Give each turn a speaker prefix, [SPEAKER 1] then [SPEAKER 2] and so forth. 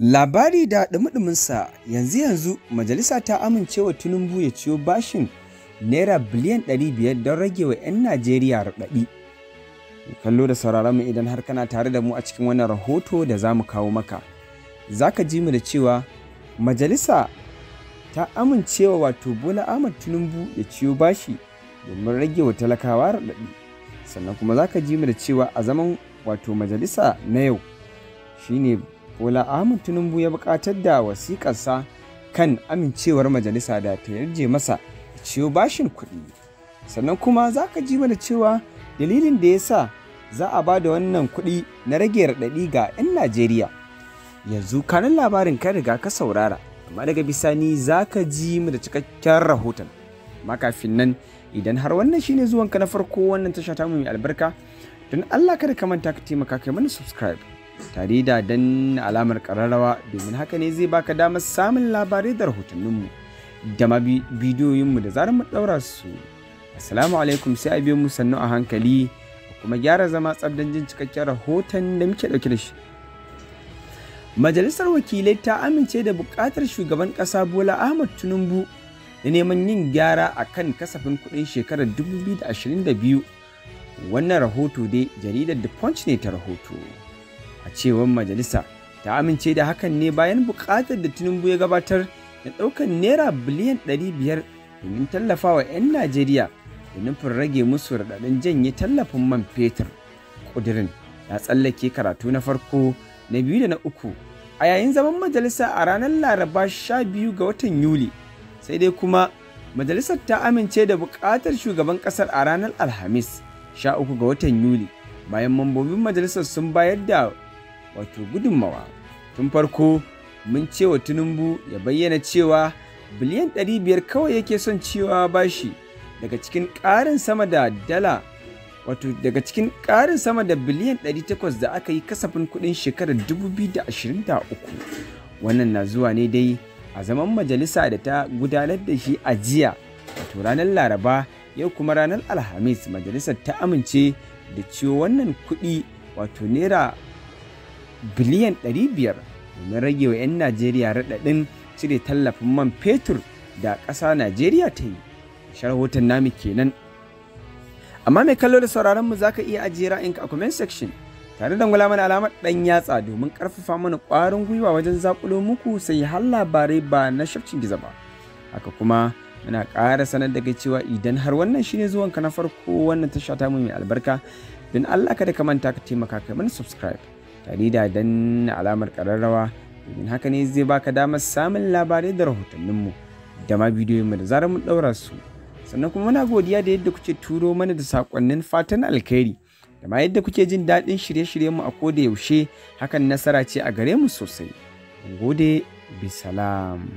[SPEAKER 1] Labari da ɗumi yanzu yanzu majalisa ta amincewa Tinubu ya ciyo bashin Naira biliyan 500 don rage wa 'yan Najeriya raɗaɗi. Kallo da sauraron mu idan har kana tare da mu a cikin wannan rahoto da za mu kawo maka. Za ka ji mu da cewa majalisa ta amincewa wato Bola Ahmad Tinubu ya ciyo bashi domin rage wa talakawa raɗaɗi. Sannan kuma za ka ji mu da cewa a zaman wato majalisa na yau shine Wala Ahmad Tinubu ya buƙatar da wasiƙarsa kan amincewar majalisa da ta yarje masa ciyo bashin kuɗi. Sannan kuma za ka ji mana cewa dalilin da ya sa za a ba da wannan kuɗi na rage raɗaɗi ga 'yan Najeriya. Yanzu kanan labarin ka riga ka saurara, amma daga bisani za ka ji mu da cikakken rahoton. Makafin nan idan har wannan shine zuwanka na farko wannan tasha ta mu mai albarka, don Allah kada ka manta ka taimaka kai mana subscribe. tare da danna alamar ƙararrawa domin haka ne zai baka damar samun labarai da rahotanninmu da ma bidiyoyinmu da zarar mu ɗaura su. Assalamu alaikum sai a biyo mu sannu a hankali kuma gyara zama tsabdan jin cikakken rahoton da muke ɗauke da shi. Majalisar wakilai ta amince da buƙatar shugaban ƙasa Bola Ahmad Tinubu da neman yin gyara a kan kasafin kuɗin shekarar 2022. Wannan rahoto dai jaridar The Punch ne ta rahoto. a cewar majalisa ta amince da hakan ne bayan bukatar da tinubu ya gabatar da ɗaukar naira biliyan 500 domin tallafawa 'yan najeriya da nufin rage musu raɗaɗin janye tallafin man fetur ƙudirin ya tsallake karatu na farko na biyu da na uku a yayin zaman majalisa a ranar laraba 12 ga watan yuli sai dai kuma majalisar ta amince da bukatar shugaban ƙasar a ranar alhamis 13 ga watan yuli bayan mambobin majalisar sun bayar da wato gudunmawa tun farko mun cewa tinubu ya bayyana cewa biliyan biyar kawai yake son cewa bashi daga cikin ƙarin sama da dala wato daga cikin ƙarin sama da biliyan 800 da aka yi kasafin kuɗin shekarar 2023 wannan na zuwa ne dai a zaman majalisa da ta gudanar da shi a jiya wato ranar laraba yau kuma ranar alhamis majalisar ta amince da ciwo wannan kuɗi wato naira biliyan 500 domin rage wa 'yan Najeriya raɗaɗin cire tallafin man fetur da ƙasa Najeriya ta yi. Sharhoton namu kenan. Amma mai kallo da sauraronmu mu za ka iya ajiye ra'ayinka a comment section tare da ngula mana alamar ɗan yatsa domin karfafa mana kwarin gwiwa wajen zakulo muku sai har labarai ba na shafcin gizo ba. Haka kuma muna ƙara sanar da cewa idan har wannan shine zuwanka na farko wannan tasha ta mu mai albarka don Allah kada ka manta ka taimaka kai mana subscribe tare don alamar kararrawa domin haka ne zai baka damar samun labarai da rahotanninmu da ma bidiyoyinmu da zarar mun ɗaura su sannan kuma muna godiya da yadda kuke turo mana da saƙonnin fatan alkhairi da ma yadda kuke jin daɗin shirye-shiryenmu a ko da yaushe hakan nasara ce a gare mu sosai. Gode bisalam.